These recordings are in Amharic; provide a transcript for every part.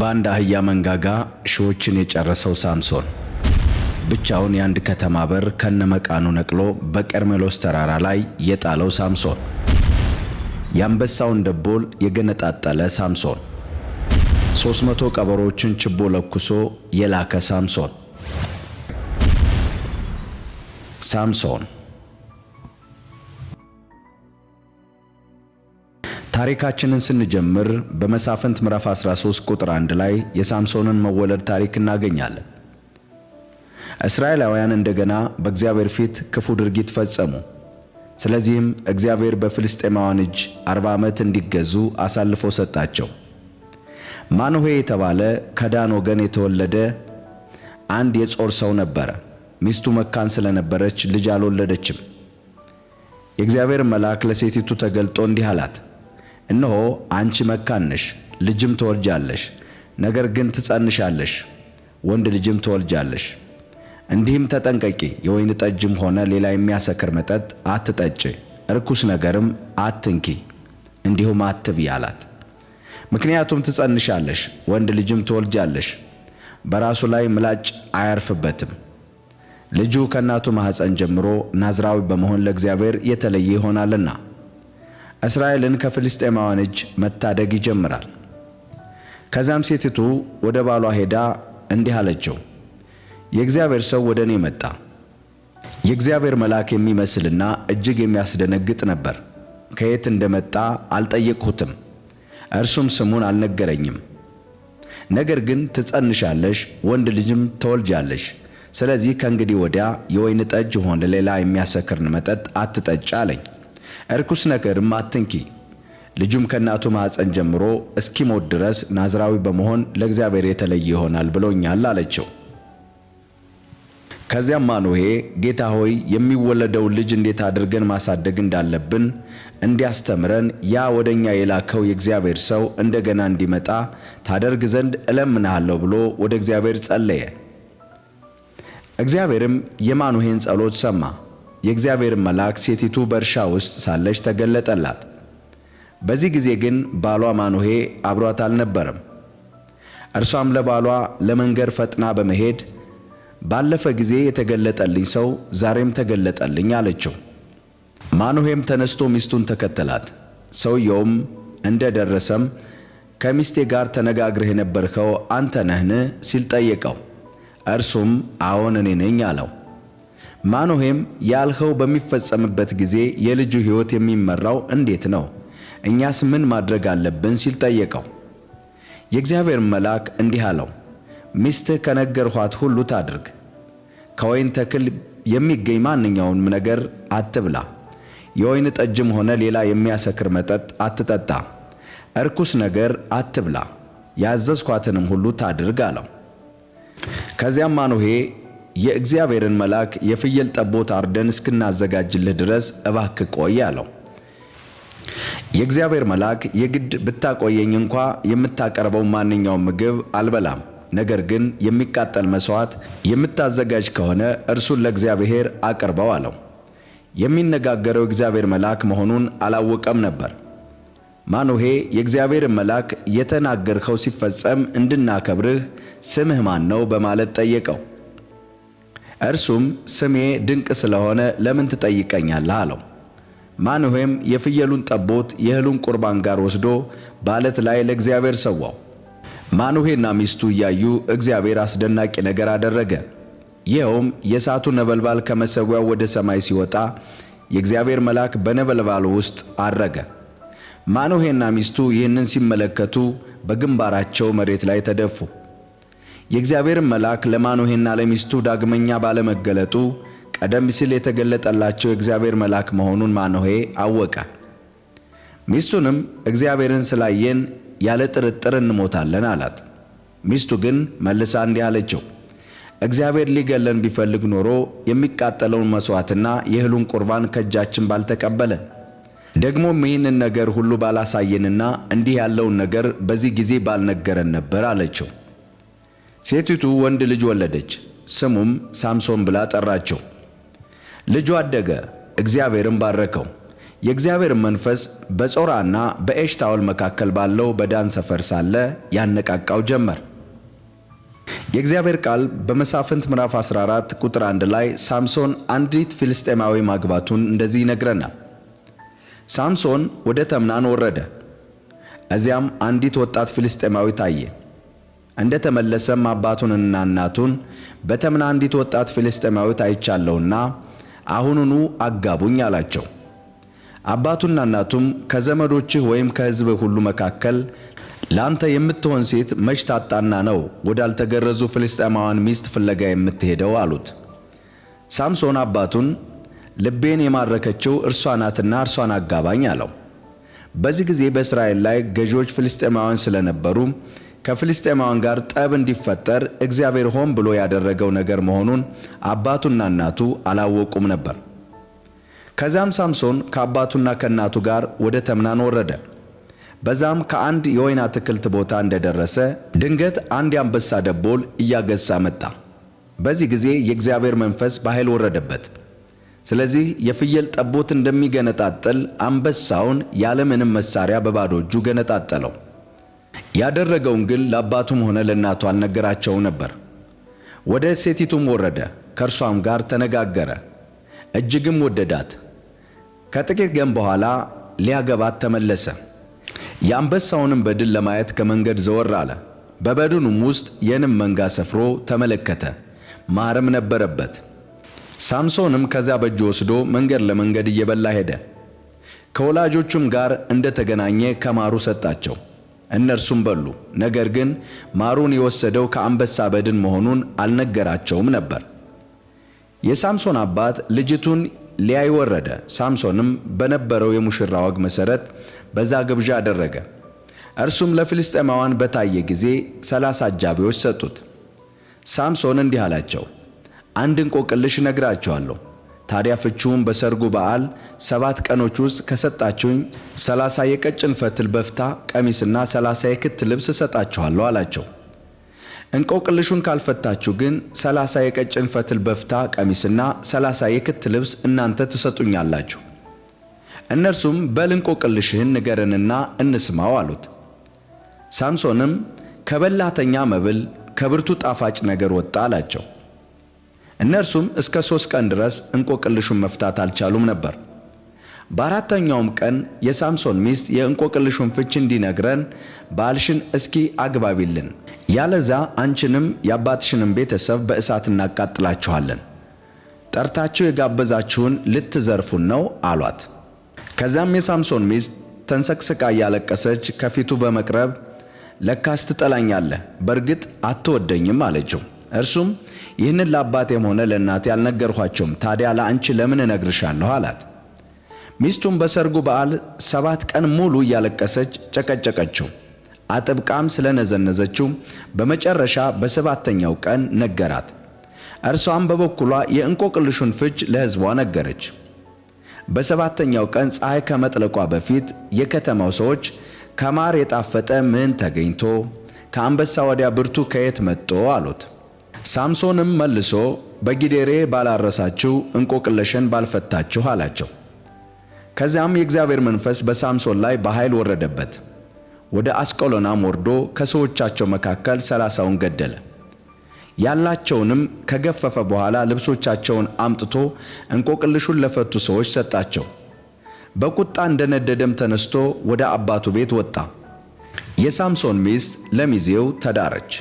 በአንድ አህያ መንጋጋ ሺዎችን የጨረሰው ሳምሶን ብቻውን የአንድ ከተማ በር ከነመቃኑ ነቅሎ በቀርሜሎስ ተራራ ላይ የጣለው ሳምሶን፣ የአንበሳውን ደቦል የገነጣጠለ ሳምሶን፣ 300 መቶ ችቦ ለኩሶ የላከ ሳምሶን ሳምሶን ታሪካችንን ስንጀምር በመሳፍንት ምዕራፍ 13 ቁጥር 1 ላይ የሳምሶንን መወለድ ታሪክ እናገኛለን። እስራኤላውያን እንደገና በእግዚአብሔር ፊት ክፉ ድርጊት ፈጸሙ። ስለዚህም እግዚአብሔር በፍልስጤማውያን እጅ አርባ ዓመት እንዲገዙ አሳልፎ ሰጣቸው። ማኑሄ የተባለ ከዳን ወገን የተወለደ አንድ የጾር ሰው ነበረ። ሚስቱ መካን ስለነበረች ልጅ አልወለደችም። የእግዚአብሔር መልአክ ለሴቲቱ ተገልጦ እንዲህ አላት እነሆ አንቺ መካን ነሽ፣ ልጅም ትወልጃለሽ፣ ነገር ግን ትጸንሻለሽ፣ ወንድ ልጅም ትወልጃለሽ። እንዲህም ተጠንቀቂ፣ የወይን ጠጅም ሆነ ሌላ የሚያሰክር መጠጥ አትጠጪ፣ እርኩስ ነገርም አትንኪ፣ እንዲሁም አትብ አላት። ምክንያቱም ትጸንሻለሽ፣ ወንድ ልጅም ትወልጃለሽ፣ በራሱ ላይ ምላጭ አያርፍበትም። ልጁ ከእናቱ ማኅፀን ጀምሮ ናዝራዊ በመሆን ለእግዚአብሔር የተለየ ይሆናልና። እስራኤልን ከፍልስጤማውያን እጅ መታደግ ይጀምራል። ከዚያም ሴቲቱ ወደ ባሏ ሄዳ እንዲህ አለችው፣ የእግዚአብሔር ሰው ወደ እኔ መጣ። የእግዚአብሔር መልአክ የሚመስልና እጅግ የሚያስደነግጥ ነበር። ከየት እንደመጣ አልጠየቅሁትም፣ እርሱም ስሙን አልነገረኝም። ነገር ግን ትጸንሻለሽ፣ ወንድ ልጅም ተወልጃለሽ። ስለዚህ ከእንግዲህ ወዲያ የወይን ጠጅ ሆነ ሌላ የሚያሰክርን መጠጥ አትጠጭ አለኝ። እርኩስ ነገርም አትንኪ። ልጁም ከእናቱ ማኅፀን ጀምሮ እስኪሞት ድረስ ናዝራዊ በመሆን ለእግዚአብሔር የተለየ ይሆናል ብሎኛል አለችው። ከዚያም ማኑሄ ጌታ ሆይ የሚወለደውን ልጅ እንዴት አድርገን ማሳደግ እንዳለብን እንዲያስተምረን ያ ወደ እኛ የላከው የእግዚአብሔር ሰው እንደገና እንዲመጣ ታደርግ ዘንድ እለምንሃለሁ ብሎ ወደ እግዚአብሔር ጸለየ። እግዚአብሔርም የማኑሄን ጸሎት ሰማ። የእግዚአብሔር መልአክ ሴቲቱ በእርሻ ውስጥ ሳለች ተገለጠላት። በዚህ ጊዜ ግን ባሏ ማኑሄ አብሯት አልነበረም። እርሷም ለባሏ ለመንገር ፈጥና በመሄድ ባለፈ ጊዜ የተገለጠልኝ ሰው ዛሬም ተገለጠልኝ አለችው። ማኑሄም ተነስቶ ሚስቱን ተከተላት። ሰውየውም እንደ ደረሰም ከሚስቴ ጋር ተነጋግረህ የነበርከው አንተ ነህን? ሲል ጠየቀው። እርሱም አዎን እኔ ነኝ አለው። ማኖሄም ያልኸው በሚፈጸምበት ጊዜ የልጁ ሕይወት የሚመራው እንዴት ነው? እኛስ ምን ማድረግ አለብን? ሲል ጠየቀው። የእግዚአብሔር መልአክ እንዲህ አለው፣ ሚስትህ ከነገርኋት ሁሉ ታድርግ። ከወይን ተክል የሚገኝ ማንኛውንም ነገር አትብላ። የወይን ጠጅም ሆነ ሌላ የሚያሰክር መጠጥ አትጠጣ። እርኩስ ነገር አትብላ። ያዘዝኳትንም ሁሉ ታድርግ አለው። ከዚያም ማኑሄ የእግዚአብሔርን መልአክ የፍየል ጠቦት አርደን እስክናዘጋጅልህ ድረስ እባክ ቆይ አለው። የእግዚአብሔር መልአክ የግድ ብታቆየኝ እንኳ የምታቀርበው ማንኛውም ምግብ አልበላም፣ ነገር ግን የሚቃጠል መሥዋዕት የምታዘጋጅ ከሆነ እርሱን ለእግዚአብሔር አቅርበው አለው። የሚነጋገረው እግዚአብሔር መልአክ መሆኑን አላወቀም ነበር። ማኑሄ የእግዚአብሔርን መልአክ የተናገርኸው ሲፈጸም እንድናከብርህ ስምህ ማን ነው? በማለት ጠየቀው። እርሱም ስሜ ድንቅ ስለሆነ ለምን ትጠይቀኛለህ አለው። ማኑሄም የፍየሉን ጠቦት የእህሉን ቁርባን ጋር ወስዶ በዓለት ላይ ለእግዚአብሔር ሰዋው። ማኑሄና ሚስቱ እያዩ እግዚአብሔር አስደናቂ ነገር አደረገ። ይኸውም የእሳቱ ነበልባል ከመሠዊያው ወደ ሰማይ ሲወጣ የእግዚአብሔር መልአክ በነበልባሉ ውስጥ አረገ። ማኑሄና ሚስቱ ይህንን ሲመለከቱ በግንባራቸው መሬት ላይ ተደፉ። የእግዚአብሔርን መልአክ ለማኖሄና ለሚስቱ ዳግመኛ ባለመገለጡ ቀደም ሲል የተገለጠላቸው የእግዚአብሔር መልአክ መሆኑን ማኖሄ አወቀ። ሚስቱንም እግዚአብሔርን ስላየን ያለ ጥርጥር እንሞታለን አላት። ሚስቱ ግን መልሳ እንዲህ አለችው፣ እግዚአብሔር ሊገለን ቢፈልግ ኖሮ የሚቃጠለውን መሥዋዕትና የእህሉን ቁርባን ከእጃችን ባልተቀበለን፣ ደግሞም ይህንን ነገር ሁሉ ባላሳየንና እንዲህ ያለውን ነገር በዚህ ጊዜ ባልነገረን ነበር አለችው። ሴቲቱ ወንድ ልጅ ወለደች፣ ስሙም ሳምሶን ብላ ጠራቸው። ልጁ አደገ፣ እግዚአብሔርም ባረከው። የእግዚአብሔር መንፈስ በጾራና በኤሽታውል መካከል ባለው በዳን ሰፈር ሳለ ያነቃቃው ጀመር። የእግዚአብሔር ቃል በመሳፍንት ምዕራፍ 14 ቁጥር 1 ላይ ሳምሶን አንዲት ፊልስጤማዊ ማግባቱን እንደዚህ ይነግረናል። ሳምሶን ወደ ተምናን ወረደ፣ እዚያም አንዲት ወጣት ፊልስጤማዊ ታየ። እንደ ተመለሰም አባቱንና እናቱን በተምና አንዲት ወጣት ፍልስጥኤማዊት አይቻለሁና አሁኑኑ አጋቡኝ አላቸው። አባቱና እናቱም ከዘመዶችህ ወይም ከህዝብ ሁሉ መካከል ለአንተ የምትሆን ሴት መች ታጣና ነው ወዳልተገረዙ ፍልስጥኤማውያን ሚስት ፍለጋ የምትሄደው አሉት። ሳምሶን አባቱን ልቤን የማረከችው እርሷ ናትና እርሷን አጋባኝ አለው። በዚህ ጊዜ በእስራኤል ላይ ገዢዎች ፍልስጥኤማውያን ስለነበሩ ከፍልስጤማውያን ጋር ጠብ እንዲፈጠር እግዚአብሔር ሆን ብሎ ያደረገው ነገር መሆኑን አባቱና እናቱ አላወቁም ነበር። ከዚያም ሳምሶን ከአባቱና ከእናቱ ጋር ወደ ተምናን ወረደ። በዛም ከአንድ የወይን አትክልት ቦታ እንደደረሰ ድንገት አንድ የአንበሳ ደቦል እያገሳ መጣ። በዚህ ጊዜ የእግዚአብሔር መንፈስ በኃይል ወረደበት። ስለዚህ የፍየል ጠቦት እንደሚገነጣጥል አንበሳውን ያለምንም መሳሪያ በባዶ እጁ ገነጣጠለው። ያደረገውን ግን ለአባቱም ሆነ ለእናቱ አልነገራቸው ነበር። ወደ ሴቲቱም ወረደ፣ ከእርሷም ጋር ተነጋገረ፣ እጅግም ወደዳት። ከጥቂት ቀን በኋላ ሊያገባት ተመለሰ። የአንበሳውንም በድን ለማየት ከመንገድ ዘወር አለ። በበድኑም ውስጥ የንም መንጋ ሰፍሮ ተመለከተ፣ ማርም ነበረበት። ሳምሶንም ከዚያ በእጅ ወስዶ መንገድ ለመንገድ እየበላ ሄደ። ከወላጆቹም ጋር እንደተገናኘ ከማሩ ሰጣቸው። እነርሱም በሉ። ነገር ግን ማሩን የወሰደው ከአንበሳ በድን መሆኑን አልነገራቸውም ነበር። የሳምሶን አባት ልጅቱን ሊያይ ወረደ። ሳምሶንም በነበረው የሙሽራ ወግ መሠረት በዛ ግብዣ አደረገ። እርሱም ለፍልስጤማውያን በታየ ጊዜ ሰላሳ አጃቢዎች ሰጡት። ሳምሶን እንዲህ አላቸው፣ አንድ እንቆቅልሽ እነግራችኋለሁ ታዲያ ፍችውን በሰርጉ በዓል ሰባት ቀኖች ውስጥ ከሰጣችሁኝ ሰላሳ የቀጭን ፈትል በፍታ ቀሚስና ሰላሳ የክት ልብስ እሰጣችኋለሁ አላቸው። እንቆቅልሹን ካልፈታችሁ ግን ሰላሳ የቀጭን ፈትል በፍታ ቀሚስና ሰላሳ የክት ልብስ እናንተ ትሰጡኛላችሁ። እነርሱም በል እንቆቅልሽህን ንገረንና እንስማው አሉት። ሳምሶንም ከበላተኛ መብል ከብርቱ ጣፋጭ ነገር ወጣ አላቸው። እነርሱም እስከ ሦስት ቀን ድረስ እንቆቅልሹን መፍታት አልቻሉም ነበር። በአራተኛውም ቀን የሳምሶን ሚስት የእንቆቅልሹን ፍች እንዲነግረን ባልሽን እስኪ አግባቢልን፣ ያለዛ አንቺንም የአባትሽንም ቤተሰብ በእሳት እናቃጥላችኋለን፣ ጠርታችሁ የጋበዛችሁን ልትዘርፉን ነው አሏት። ከዚያም የሳምሶን ሚስት ተንሰቅስቃ እያለቀሰች ከፊቱ በመቅረብ ለካስ ትጠላኛለህ፣ በእርግጥ አትወደኝም አለችው። እርሱም ይህንን ለአባቴም ሆነ ለእናቴ አልነገርኋቸውም፣ ታዲያ ለአንቺ ለምን እነግርሻለሁ አላት። ሚስቱም በሰርጉ በዓል ሰባት ቀን ሙሉ እያለቀሰች ጨቀጨቀችው። አጥብቃም ስለነዘነዘችው በመጨረሻ በሰባተኛው ቀን ነገራት። እርሷም በበኩሏ የእንቆቅልሹን ፍች ለሕዝቧ ነገረች። በሰባተኛው ቀን ፀሐይ ከመጥለቋ በፊት የከተማው ሰዎች ከማር የጣፈጠ ምን ተገኝቶ፣ ከአንበሳ ወዲያ ብርቱ ከየት መጥቶ አሉት። ሳምሶንም መልሶ በጊዴሬ ባላረሳችሁ እንቆቅለሽን ባልፈታችሁ አላቸው። ከዚያም የእግዚአብሔር መንፈስ በሳምሶን ላይ በኃይል ወረደበት። ወደ አስቀሎናም ወርዶ ከሰዎቻቸው መካከል ሰላሳውን ገደለ። ያላቸውንም ከገፈፈ በኋላ ልብሶቻቸውን አምጥቶ እንቆቅልሹን ለፈቱ ሰዎች ሰጣቸው። በቁጣ እንደነደደም ተነስቶ ወደ አባቱ ቤት ወጣ። የሳምሶን ሚስት ለሚዜው ተዳረች።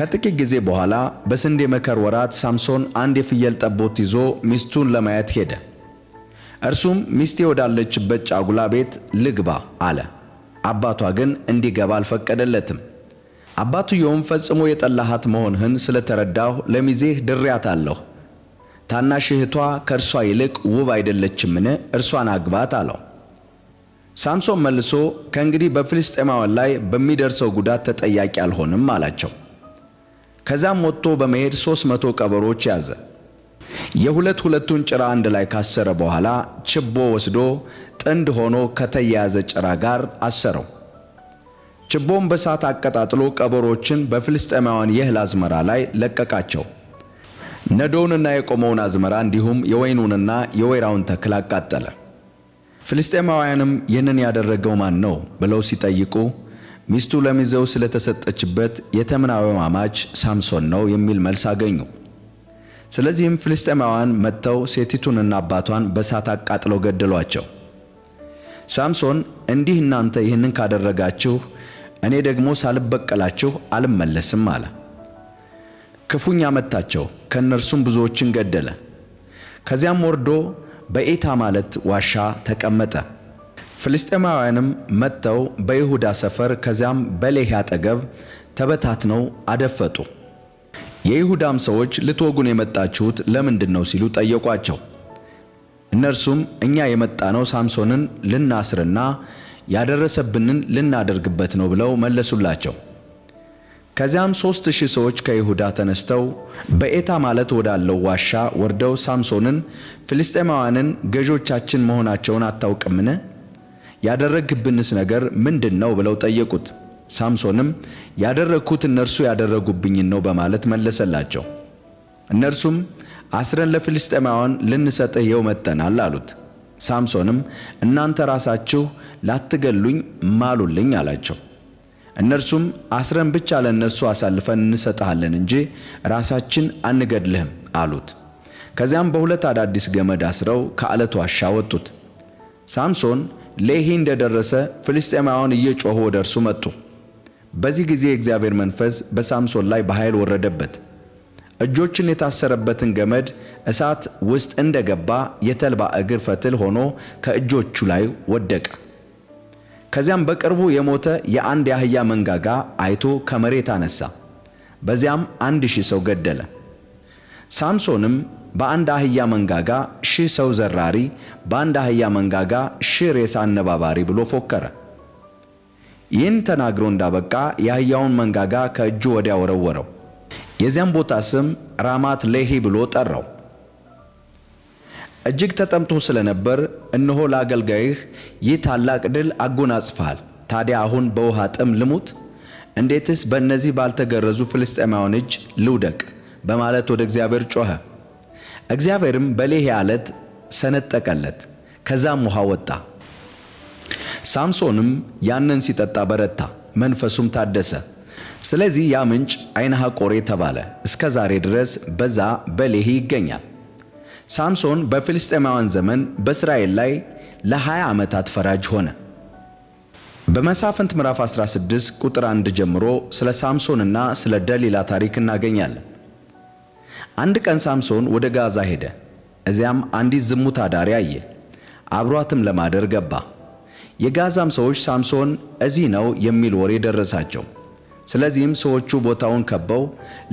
ከጥቂት ጊዜ በኋላ በስንዴ መከር ወራት ሳምሶን አንድ የፍየል ጠቦት ይዞ ሚስቱን ለማየት ሄደ። እርሱም ሚስቴ ወዳለችበት ጫጉላ ቤት ልግባ አለ። አባቷ ግን እንዲገባ አልፈቀደለትም። አባትየውም ፈጽሞ የጠላሃት መሆንህን ስለተረዳሁ ለሚዜህ ድሬያታለሁ። ታናሽ እህቷ ከእርሷ ይልቅ ውብ አይደለችምን? እርሷን አግባት አለው። ሳምሶን መልሶ ከእንግዲህ በፍልስጤማውያን ላይ በሚደርሰው ጉዳት ተጠያቂ አልሆንም አላቸው። ከዛም ወጥቶ በመሄድ ሦስት መቶ ቀበሮች ያዘ። የሁለት ሁለቱን ጭራ አንድ ላይ ካሰረ በኋላ ችቦ ወስዶ ጥንድ ሆኖ ከተያያዘ ጭራ ጋር አሰረው። ችቦም በሳት አቀጣጥሎ ቀበሮችን በፍልስጤማውያን የእህል አዝመራ ላይ ለቀቃቸው። ነዶውንና የቆመውን አዝመራ እንዲሁም የወይኑንና የወይራውን ተክል አቃጠለ። ፍልስጤማውያንም ይህንን ያደረገው ማን ነው ብለው ሲጠይቁ ሚስቱ ለሚዜው ስለተሰጠችበት የተምናዊ ማማች ሳምሶን ነው የሚል መልስ አገኙ። ስለዚህም ፍልስጤማውያን መጥተው ሴቲቱንና አባቷን በእሳት አቃጥለው ገደሏቸው። ሳምሶን እንዲህ እናንተ ይህንን ካደረጋችሁ እኔ ደግሞ ሳልበቀላችሁ አልመለስም አለ። ክፉኛ መታቸው፣ ከእነርሱም ብዙዎችን ገደለ። ከዚያም ወርዶ በኤታ ማለት ዋሻ ተቀመጠ። ፍልስጤማውያንም መጥተው በይሁዳ ሰፈር ከዚያም በሌህ አጠገብ ተበታትነው አደፈጡ። የይሁዳም ሰዎች ልትወጉን የመጣችሁት ለምንድን ነው ሲሉ ጠየቋቸው። እነርሱም እኛ የመጣነው ሳምሶንን ልናስርና ያደረሰብንን ልናደርግበት ነው ብለው መለሱላቸው። ከዚያም ሦስት ሺህ ሰዎች ከይሁዳ ተነስተው በኤታ ማለት ወዳለው ዋሻ ወርደው ሳምሶንን፣ ፍልስጤማውያንን ገዦቻችን መሆናቸውን አታውቅምን? ያደረግብንስ ነገር ምንድን ነው ብለው ጠየቁት። ሳምሶንም ያደረግኩት እነርሱ ያደረጉብኝን ነው በማለት መለሰላቸው። እነርሱም አስረን ለፍልስጤማውያን ልንሰጥህ ይኸው መጥተናል አሉት። ሳምሶንም እናንተ ራሳችሁ ላትገሉኝ ማሉልኝ አላቸው። እነርሱም አስረን ብቻ ለእነርሱ አሳልፈን እንሰጥሃለን እንጂ ራሳችን አንገድልህም አሉት። ከዚያም በሁለት አዳዲስ ገመድ አስረው ከዓለቱ ዋሻ ወጡት። ሳምሶን ሌሂ እንደደረሰ ፍልስጤማውያን እየጮኹ ወደ እርሱ መጡ። በዚህ ጊዜ የእግዚአብሔር መንፈስ በሳምሶን ላይ በኃይል ወረደበት። እጆችን የታሰረበትን ገመድ እሳት ውስጥ እንደገባ የተልባ እግር ፈትል ሆኖ ከእጆቹ ላይ ወደቀ። ከዚያም በቅርቡ የሞተ የአንድ የአህያ መንጋጋ አይቶ ከመሬት አነሳ። በዚያም አንድ ሺህ ሰው ገደለ። ሳምሶንም በአንድ አህያ መንጋጋ ሺህ ሰው ዘራሪ፣ በአንድ አህያ መንጋጋ ሺህ ሬሳ አነባባሪ ብሎ ፎከረ። ይህን ተናግሮ እንዳበቃ የአህያውን መንጋጋ ከእጁ ወዲያ ወረወረው። የዚያም ቦታ ስም ራማት ሌሂ ብሎ ጠራው። እጅግ ተጠምቶ ስለነበር እነሆ ለአገልጋይህ ይህ ታላቅ ድል አጎናጽፋል። ታዲያ አሁን በውሃ ጥም ልሙት? እንዴትስ በእነዚህ ባልተገረዙ ፍልስጤማውያን እጅ ልውደቅ? በማለት ወደ እግዚአብሔር ጮኸ። እግዚአብሔርም በሌሄ አለት ሰነጠቀለት፣ ከዛም ውሃ ወጣ። ሳምሶንም ያንን ሲጠጣ በረታ፣ መንፈሱም ታደሰ። ስለዚህ ያ ምንጭ ዓይነ ሐቆሬ ተባለ፣ እስከ ዛሬ ድረስ በዛ በሌሄ ይገኛል። ሳምሶን በፍልስጤማውያን ዘመን በእስራኤል ላይ ለ20 ዓመታት ፈራጅ ሆነ። በመሳፍንት ምዕራፍ 16 ቁጥር 1 ጀምሮ ስለ ሳምሶንና ስለ ደሊላ ታሪክ እናገኛለን። አንድ ቀን ሳምሶን ወደ ጋዛ ሄደ። እዚያም አንዲት ዝሙት አዳሪ አየ። አብሯትም ለማደር ገባ። የጋዛም ሰዎች ሳምሶን እዚህ ነው የሚል ወሬ ደረሳቸው። ስለዚህም ሰዎቹ ቦታውን ከበው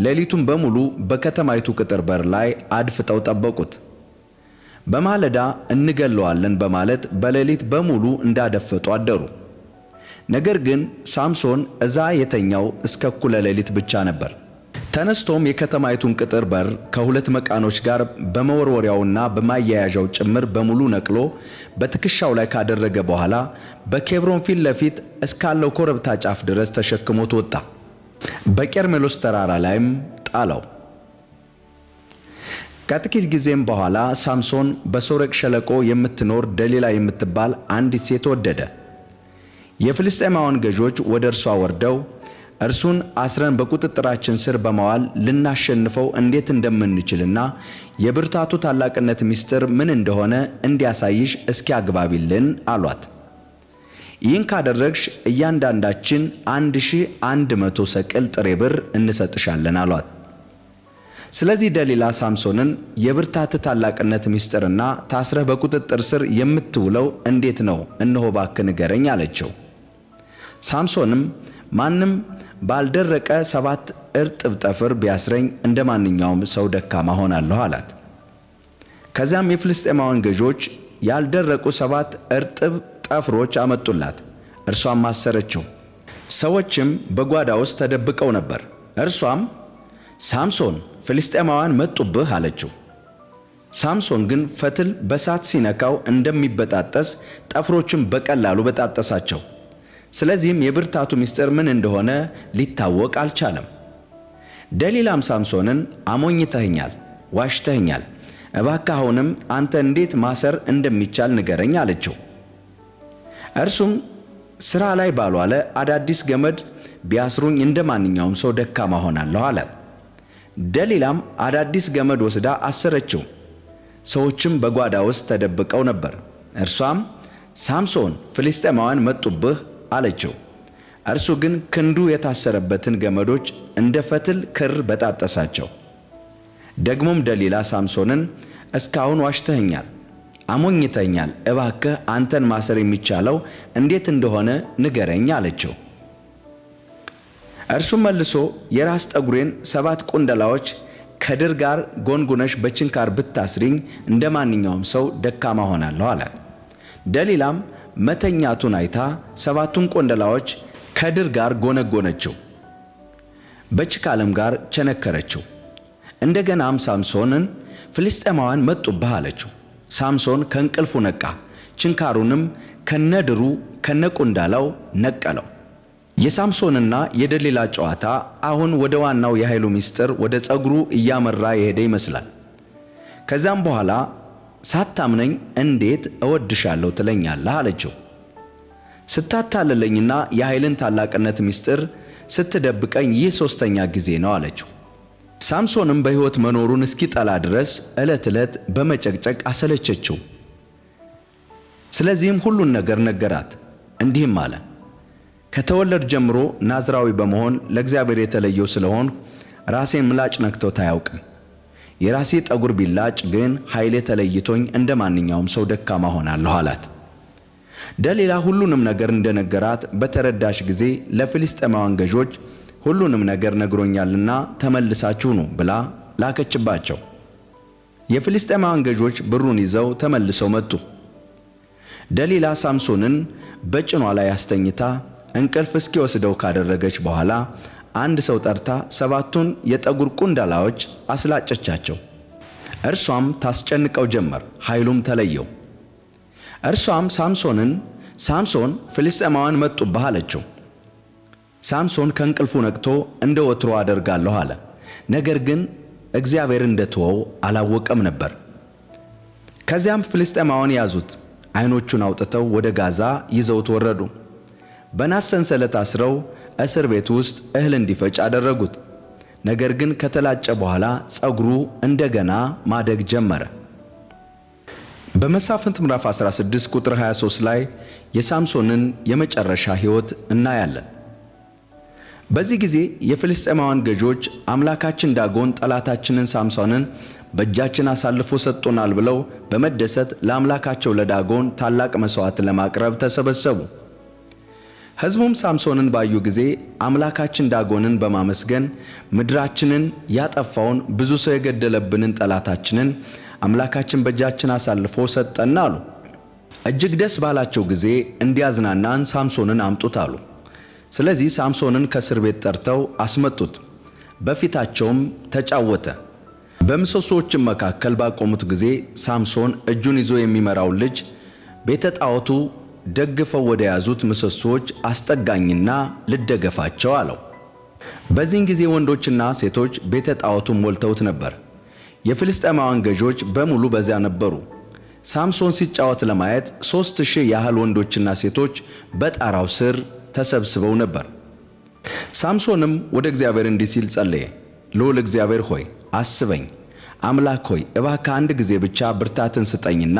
ሌሊቱን በሙሉ በከተማይቱ ቅጥር በር ላይ አድፍጠው ጠበቁት። በማለዳ እንገለዋለን በማለት በሌሊት በሙሉ እንዳደፈጡ አደሩ። ነገር ግን ሳምሶን እዛ የተኛው እስከ እኩለ ሌሊት ብቻ ነበር። ተነስቶም የከተማይቱን ቅጥር በር ከሁለት መቃኖች ጋር በመወርወሪያውና በማያያዣው ጭምር በሙሉ ነቅሎ በትከሻው ላይ ካደረገ በኋላ በኬብሮን ፊት ለፊት እስካለው ኮረብታ ጫፍ ድረስ ተሸክሞት ወጣ። በቄርሜሎስ ተራራ ላይም ጣለው። ከጥቂት ጊዜም በኋላ ሳምሶን በሶረቅ ሸለቆ የምትኖር ደሊላ የምትባል አንዲት ሴት ወደደ። የፍልስጤማውያን ገዦች ወደ እርሷ ወርደው እርሱን አስረን በቁጥጥራችን ስር በማዋል ልናሸንፈው እንዴት እንደምንችልና የብርታቱ ታላቅነት ምስጢር ምን እንደሆነ እንዲያሳይሽ እስኪ አግባቢልን አሏት። ይህን ካደረግሽ እያንዳንዳችን አንድ ሺህ አንድ መቶ ሰቅል ጥሬ ብር እንሰጥሻለን አሏት። ስለዚህ ደሊላ ሳምሶንን የብርታት ታላቅነት ምስጢርና ታስረህ በቁጥጥር ስር የምትውለው እንዴት ነው? እነሆ ባክ ንገረኝ አለችው። ሳምሶንም ማንም ባልደረቀ ሰባት እርጥብ ጠፍር ቢያስረኝ እንደ ማንኛውም ሰው ደካማ ሆናለሁ አላት። ከዚያም የፍልስጤማውያን ገዦች ያልደረቁ ሰባት እርጥብ ጠፍሮች አመጡላት፣ እርሷም አሰረችው። ሰዎችም በጓዳ ውስጥ ተደብቀው ነበር። እርሷም ሳምሶን ፍልስጤማውያን መጡብህ አለችው። ሳምሶን ግን ፈትል በሳት ሲነካው እንደሚበጣጠስ ጠፍሮችም በቀላሉ በጣጠሳቸው። ስለዚህም የብርታቱ ምስጢር ምን እንደሆነ ሊታወቅ አልቻለም። ደሊላም ሳምሶንን አሞኝተኸኛል፣ ዋሽተኸኛል፣ እባክህ አሁንም አንተ እንዴት ማሰር እንደሚቻል ንገረኝ አለችው። እርሱም ሥራ ላይ ባልዋለ አዳዲስ ገመድ ቢያስሩኝ እንደ ማንኛውም ሰው ደካማ ሆናለሁ አለ። ደሊላም አዳዲስ ገመድ ወስዳ አሰረችው። ሰዎችም በጓዳ ውስጥ ተደብቀው ነበር። እርሷም ሳምሶን ፍልስጤማውያን መጡብህ አለችው። እርሱ ግን ክንዱ የታሰረበትን ገመዶች እንደ ፈትል ክር በጣጠሳቸው። ደግሞም ደሊላ ሳምሶንን እስካሁን ዋሽተኸኛል፣ አሞኝተኛል። እባክህ አንተን ማሰር የሚቻለው እንዴት እንደሆነ ንገረኝ አለችው። እርሱ መልሶ የራስ ጠጉሬን ሰባት ቁንደላዎች ከድር ጋር ጎንጉነሽ በችንካር ብታስሪኝ እንደ ማንኛውም ሰው ደካማ ሆናለሁ አላት። ደሊላም መተኛቱን አይታ ሰባቱን ቆንደላዎች ከድር ጋር ጎነጎነችው፣ በችካልም ጋር ቸነከረችው። እንደገናም ሳምሶንን ፍልስጤማውያን መጡብህ አለችው። ሳምሶን ከእንቅልፉ ነቃ፣ ችንካሩንም ከነድሩ ከነቆንዳላው ነቀለው። የሳምሶንና የደሊላ ጨዋታ አሁን ወደ ዋናው የኃይሉ ምስጢር ወደ ጸጉሩ እያመራ የሄደ ይመስላል። ከዚያም በኋላ ሳታምነኝ እንዴት እወድሻለሁ ትለኛለህ አለችው። ስታታልለኝና የኃይልን ታላቅነት ምስጢር ስትደብቀኝ ይህ ሦስተኛ ጊዜ ነው አለችው። ሳምሶንም በሕይወት መኖሩን እስኪጠላ ድረስ ዕለት ዕለት በመጨቅጨቅ አሰለቸችው። ስለዚህም ሁሉን ነገር ነገራት። እንዲህም አለ ከተወለድ ጀምሮ ናዝራዊ በመሆን ለእግዚአብሔር የተለየው ስለሆን ራሴን ምላጭ ነክቶት አያውቅም። የራሴ ጠጉር ቢላጭ ግን ኃይሌ ተለይቶኝ እንደ ማንኛውም ሰው ደካማ ሆናለሁ አላት። ደሊላ ሁሉንም ነገር እንደነገራት በተረዳሽ ጊዜ ለፍልስጤማውያን ገዦች ሁሉንም ነገር ነግሮኛልና ተመልሳችሁ ኑ ብላ ላከችባቸው። የፍልስጤማውያን ገዦች ብሩን ይዘው ተመልሰው መጡ። ደሊላ ሳምሶንን በጭኗ ላይ አስተኝታ እንቅልፍ እስኪወስደው ካደረገች በኋላ አንድ ሰው ጠርታ ሰባቱን የጠጉር ቁንዳላዎች አስላጨቻቸው። እርሷም ታስጨንቀው ጀመር፣ ኃይሉም ተለየው። እርሷም ሳምሶንን ሳምሶን ፍልስጤማውያን መጡብህ አለችው። ሳምሶን ከእንቅልፉ ነቅቶ እንደ ወትሮ አደርጋለሁ አለ። ነገር ግን እግዚአብሔር እንደተወው አላወቀም ነበር። ከዚያም ፍልስጤማውያን ያዙት፣ ዐይኖቹን አውጥተው ወደ ጋዛ ይዘውት ወረዱ። በናስ ሰንሰለት አስረው እስር ቤት ውስጥ እህል እንዲፈጭ አደረጉት። ነገር ግን ከተላጨ በኋላ ጸጉሩ እንደገና ማደግ ጀመረ። በመሳፍንት ምዕራፍ 16 ቁጥር 23 ላይ የሳምሶንን የመጨረሻ ሕይወት እናያለን። በዚህ ጊዜ የፍልስጤማውያን ገዦች አምላካችን ዳጎን ጠላታችንን ሳምሶንን በእጃችን አሳልፎ ሰጥቶናል ብለው በመደሰት ለአምላካቸው ለዳጎን ታላቅ መሥዋዕት ለማቅረብ ተሰበሰቡ። ሕዝቡም ሳምሶንን ባዩ ጊዜ አምላካችን ዳጎንን በማመስገን ምድራችንን ያጠፋውን ብዙ ሰው የገደለብንን ጠላታችንን አምላካችን በእጃችን አሳልፎ ሰጠና አሉ። እጅግ ደስ ባላቸው ጊዜ እንዲያዝናናን ሳምሶንን አምጡት አሉ። ስለዚህ ሳምሶንን ከእስር ቤት ጠርተው አስመጡት። በፊታቸውም ተጫወተ። በምሰሶዎችም መካከል ባቆሙት ጊዜ ሳምሶን እጁን ይዞ የሚመራው ልጅ ቤተ ጣዖቱ ደግፈው ወደ ያዙት ምሰሶዎች አስጠጋኝና ልደገፋቸው አለው። በዚህን ጊዜ ወንዶችና ሴቶች ቤተ ጣዖቱን ሞልተውት ነበር። የፍልስጤማውያን ገዦች በሙሉ በዚያ ነበሩ። ሳምሶን ሲጫወት ለማየት ሦስት ሺህ ያህል ወንዶችና ሴቶች በጣራው ስር ተሰብስበው ነበር። ሳምሶንም ወደ እግዚአብሔር እንዲህ ሲል ጸለየ። ልዑል እግዚአብሔር ሆይ አስበኝ አምላክ ሆይ እባክህ አንድ ጊዜ ብቻ ብርታትን ስጠኝና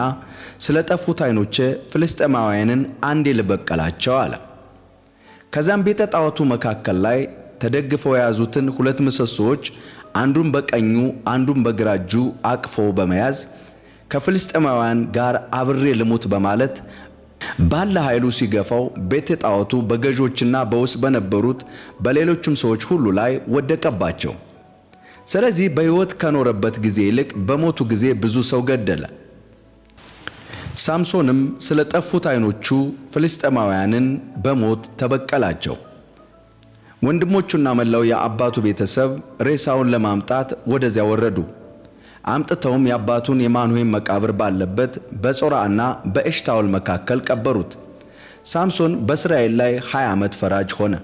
ስለ ጠፉት ዓይኖች ፍልስጤማውያንን አንዴ ልበቀላቸው አለ። ከዚያም ቤተ ጣዖቱ መካከል ላይ ተደግፈው የያዙትን ሁለት ምሰሶዎች አንዱን በቀኙ አንዱን በግራ እጁ አቅፎ በመያዝ ከፍልስጤማውያን ጋር አብሬ ልሙት በማለት ባለ ኃይሉ ሲገፋው ቤተ ጣዖቱ በገዦችና በውስጥ በነበሩት በሌሎችም ሰዎች ሁሉ ላይ ወደቀባቸው። ስለዚህ በሕይወት ከኖረበት ጊዜ ይልቅ በሞቱ ጊዜ ብዙ ሰው ገደለ። ሳምሶንም ስለ ጠፉት ዓይኖቹ ፍልስጥኤማውያንን በሞት ተበቀላቸው። ወንድሞቹና መላው የአባቱ ቤተሰብ ሬሳውን ለማምጣት ወደዚያ ወረዱ። አምጥተውም የአባቱን የማኑሄም መቃብር ባለበት በጾራና በኤሽታውል መካከል ቀበሩት። ሳምሶን በእስራኤል ላይ 20 ዓመት ፈራጅ ሆነ።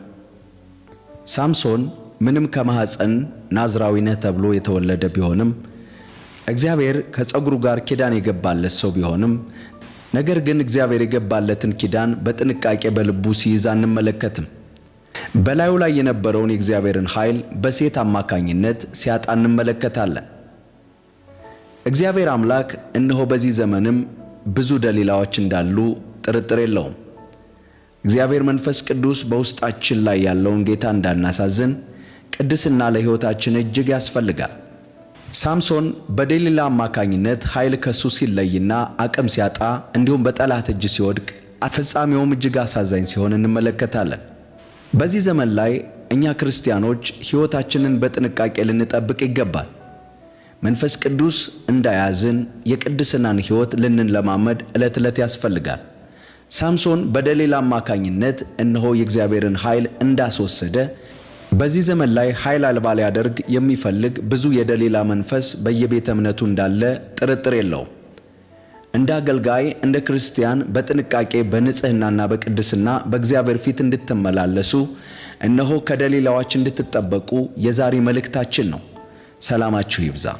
ሳምሶን ምንም ከማኅፀን ናዝራዊነ ተብሎ የተወለደ ቢሆንም እግዚአብሔር ከጸጉሩ ጋር ኪዳን የገባለት ሰው ቢሆንም ነገር ግን እግዚአብሔር የገባለትን ኪዳን በጥንቃቄ በልቡ ሲይዝ አንመለከትም። በላዩ ላይ የነበረውን የእግዚአብሔርን ኃይል በሴት አማካኝነት ሲያጣ እንመለከታለን። እግዚአብሔር አምላክ እነሆ በዚህ ዘመንም ብዙ ደሊላዎች እንዳሉ ጥርጥር የለውም። እግዚአብሔር መንፈስ ቅዱስ በውስጣችን ላይ ያለውን ጌታ እንዳናሳዝን ቅድስና ለሕይወታችን እጅግ ያስፈልጋል። ሳምሶን በደሊላ አማካኝነት ኃይል ከሱ ሲለይና አቅም ሲያጣ እንዲሁም በጠላት እጅ ሲወድቅ ፍጻሜውም እጅግ አሳዛኝ ሲሆን እንመለከታለን። በዚህ ዘመን ላይ እኛ ክርስቲያኖች ሕይወታችንን በጥንቃቄ ልንጠብቅ ይገባል። መንፈስ ቅዱስ እንዳያዝን የቅድስናን ሕይወት ልንለማመድ ዕለት ዕለት ያስፈልጋል። ሳምሶን በደሊላ አማካኝነት እነሆ የእግዚአብሔርን ኃይል እንዳስወሰደ በዚህ ዘመን ላይ ኃይል አልባ ሊያደርግ የሚፈልግ ብዙ የደሊላ መንፈስ በየቤተ እምነቱ እንዳለ ጥርጥር የለውም። እንደ አገልጋይ እንደ ክርስቲያን በጥንቃቄ በንጽህናና በቅድስና በእግዚአብሔር ፊት እንድትመላለሱ እነሆ ከደሊላዎች እንድትጠበቁ የዛሬ መልእክታችን ነው። ሰላማችሁ ይብዛ።